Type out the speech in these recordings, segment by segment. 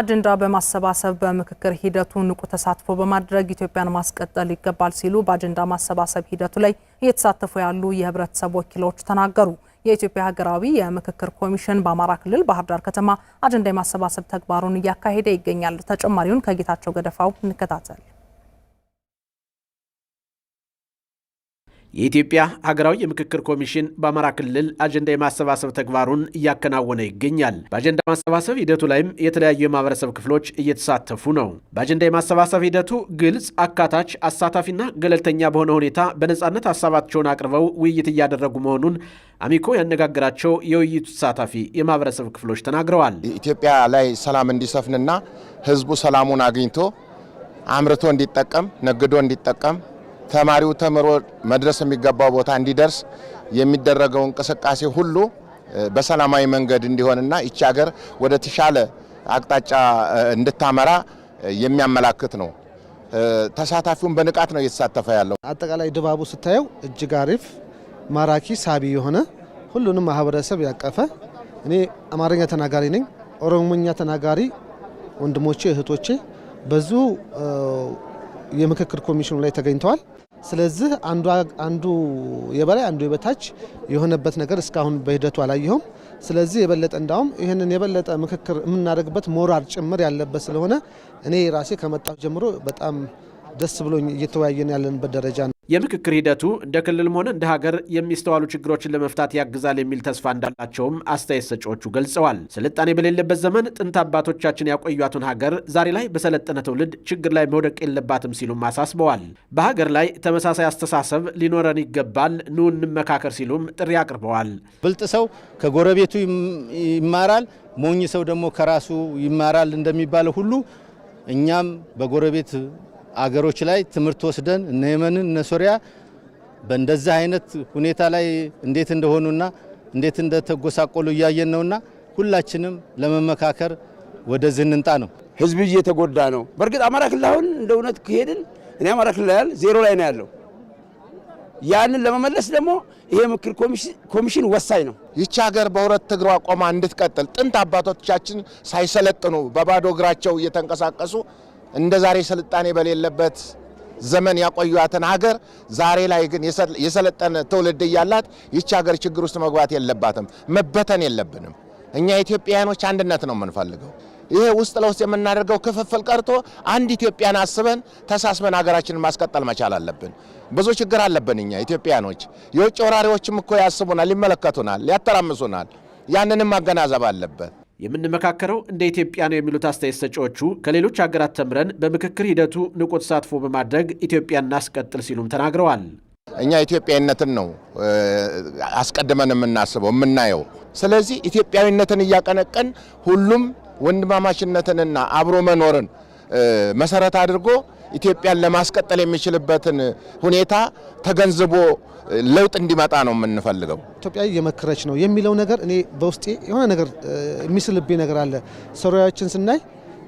አጀንዳ በማሰባሰብ በምክክር ሂደቱ ንቁ ተሳትፎ በማድረግ ኢትዮጵያን ማስቀጠል ይገባል ሲሉ በአጀንዳ ማሰባሰብ ሂደቱ ላይ እየተሳተፉ ያሉ የህብረተሰብ ወኪሎች ተናገሩ። የኢትዮጵያ ሀገራዊ የምክክር ኮሚሽን በአማራ ክልል ባህር ዳር ከተማ አጀንዳ የማሰባሰብ ተግባሩን እያካሄደ ይገኛል። ተጨማሪውን ከጌታቸው ገደፋው እንከታተል። የኢትዮጵያ ሀገራዊ የምክክር ኮሚሽን በአማራ ክልል አጀንዳ የማሰባሰብ ተግባሩን እያከናወነ ይገኛል። በአጀንዳ ማሰባሰብ ሂደቱ ላይም የተለያዩ የማህበረሰብ ክፍሎች እየተሳተፉ ነው። በአጀንዳ የማሰባሰብ ሂደቱ ግልጽ፣ አካታች፣ አሳታፊና ገለልተኛ በሆነ ሁኔታ በነፃነት ሀሳባቸውን አቅርበው ውይይት እያደረጉ መሆኑን አሚኮ ያነጋግራቸው የውይይቱ ተሳታፊ የማህበረሰብ ክፍሎች ተናግረዋል። ኢትዮጵያ ላይ ሰላም እንዲሰፍንና ህዝቡ ሰላሙን አግኝቶ አምርቶ እንዲጠቀም፣ ነግዶ እንዲጠቀም ተማሪው ተምሮ መድረስ የሚገባው ቦታ እንዲደርስ የሚደረገው እንቅስቃሴ ሁሉ በሰላማዊ መንገድ እንዲሆንና ይቺ ሀገር ወደ ተሻለ አቅጣጫ እንድታመራ የሚያመላክት ነው። ተሳታፊውን በንቃት ነው እየተሳተፈ ያለው። አጠቃላይ ድባቡ ስታየው እጅግ አሪፍ፣ ማራኪ፣ ሳቢ የሆነ ሁሉንም ማህበረሰብ ያቀፈ እኔ አማርኛ ተናጋሪ ነኝ። ኦሮሞኛ ተናጋሪ ወንድሞቼ እህቶቼ በዙ የምክክር ኮሚሽኑ ላይ ተገኝተዋል። ስለዚህ አንዱ የበላይ አንዱ የበታች የሆነበት ነገር እስካሁን በሂደቱ አላየሁም። ስለዚህ የበለጠ እንዳውም ይህንን የበለጠ ምክክር የምናደርግበት ሞራል ጭምር ያለበት ስለሆነ እኔ ራሴ ከመጣሁ ጀምሮ በጣም ደስ ብሎኝ እየተወያየን ያለንበት ደረጃ ነው። የምክክር ሂደቱ እንደ ክልልም ሆነ እንደ ሀገር የሚስተዋሉ ችግሮችን ለመፍታት ያግዛል የሚል ተስፋ እንዳላቸውም አስተያየት ሰጪዎቹ ገልጸዋል። ስልጣኔ በሌለበት ዘመን ጥንት አባቶቻችን ያቆዩትን ሀገር ዛሬ ላይ በሰለጠነ ትውልድ ችግር ላይ መውደቅ የለባትም ሲሉም አሳስበዋል። በሀገር ላይ ተመሳሳይ አስተሳሰብ ሊኖረን ይገባል፣ ኑ እንመካከር ሲሉም ጥሪ አቅርበዋል። ብልጥ ሰው ከጎረቤቱ ይማራል፣ ሞኝ ሰው ደግሞ ከራሱ ይማራል እንደሚባለው ሁሉ እኛም በጎረቤት አገሮች ላይ ትምህርት ወስደን እነ የመንን እነ ሶሪያ በእንደዚህ አይነት ሁኔታ ላይ እንዴት እንደሆኑና እንዴት እንደተጎሳቆሉ እያየን ነውና ሁላችንም ለመመካከር ወደዚህ እንንጣ ነው። ህዝብ እየተጎዳ ነው። በእርግጥ አማራ ክልል አሁን እንደ እውነት ከሄድን እኔ አማራ ክልል ያል ዜሮ ላይ ነው ያለው። ያንን ለመመለስ ደግሞ ይሄ ምክር ኮሚሽን ወሳኝ ነው። ይቺ ሀገር በሁለት እግሯ ቆማ እንድትቀጥል ጥንት አባቶቻችን ሳይሰለጥኑ በባዶ እግራቸው እየተንቀሳቀሱ እንደ ዛሬ ስልጣኔ በሌለበት ዘመን ያቆዩትን ሀገር ዛሬ ላይ ግን የሰለጠነ ትውልድ እያላት ይቺ ሀገር ችግር ውስጥ መግባት የለባትም። መበተን የለብንም። እኛ ኢትዮጵያውያኖች አንድነት ነው የምንፈልገው። ይሄ ውስጥ ለውስጥ የምናደርገው ክፍፍል ቀርቶ አንድ ኢትዮጵያን አስበን ተሳስበን ሀገራችንን ማስቀጠል መቻል አለብን። ብዙ ችግር አለብን እኛ ኢትዮጵያኖች። የውጭ ወራሪዎችም እኮ ያስቡናል፣ ይመለከቱናል፣ ያተራምሱናል። ያንንም ማገናዘብ አለበት። የምንመካከረው እንደ ኢትዮጵያ ነው የሚሉት አስተያየት ሰጪዎቹ ከሌሎች ሀገራት ተምረን በምክክር ሂደቱ ንቁ ተሳትፎ በማድረግ ኢትዮጵያ እናስቀጥል ሲሉም ተናግረዋል። እኛ ኢትዮጵያዊነትን ነው አስቀድመን የምናስበው የምናየው። ስለዚህ ኢትዮጵያዊነትን እያቀነቀን ሁሉም ወንድማማችነትንና አብሮ መኖርን መሰረት አድርጎ ኢትዮጵያን ለማስቀጠል የሚችልበትን ሁኔታ ተገንዝቦ ለውጥ እንዲመጣ ነው የምንፈልገው። ኢትዮጵያ እየመከረች ነው የሚለው ነገር እኔ በውስጤ የሆነ ነገር የሚስልብኝ ነገር አለ። ሶሪያዎችን ስናይ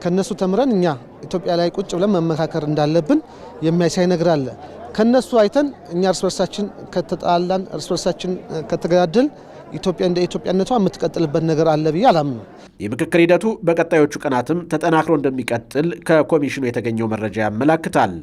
ከነሱ ተምረን እኛ ኢትዮጵያ ላይ ቁጭ ብለን መመካከር እንዳለብን የሚያሳይ ነገር አለ። ከነሱ አይተን እኛ እርስ በርሳችን ከተጣላን እርስ በርሳችን ከተገዳደል ኢትዮጵያ እንደ ኢትዮጵያነቷ የምትቀጥልበት ነገር አለ ብዬ አላምንም። የምክክር ሂደቱ በቀጣዮቹ ቀናትም ተጠናክሮ እንደሚቀጥል ከኮሚሽኑ የተገኘው መረጃ ያመላክታል።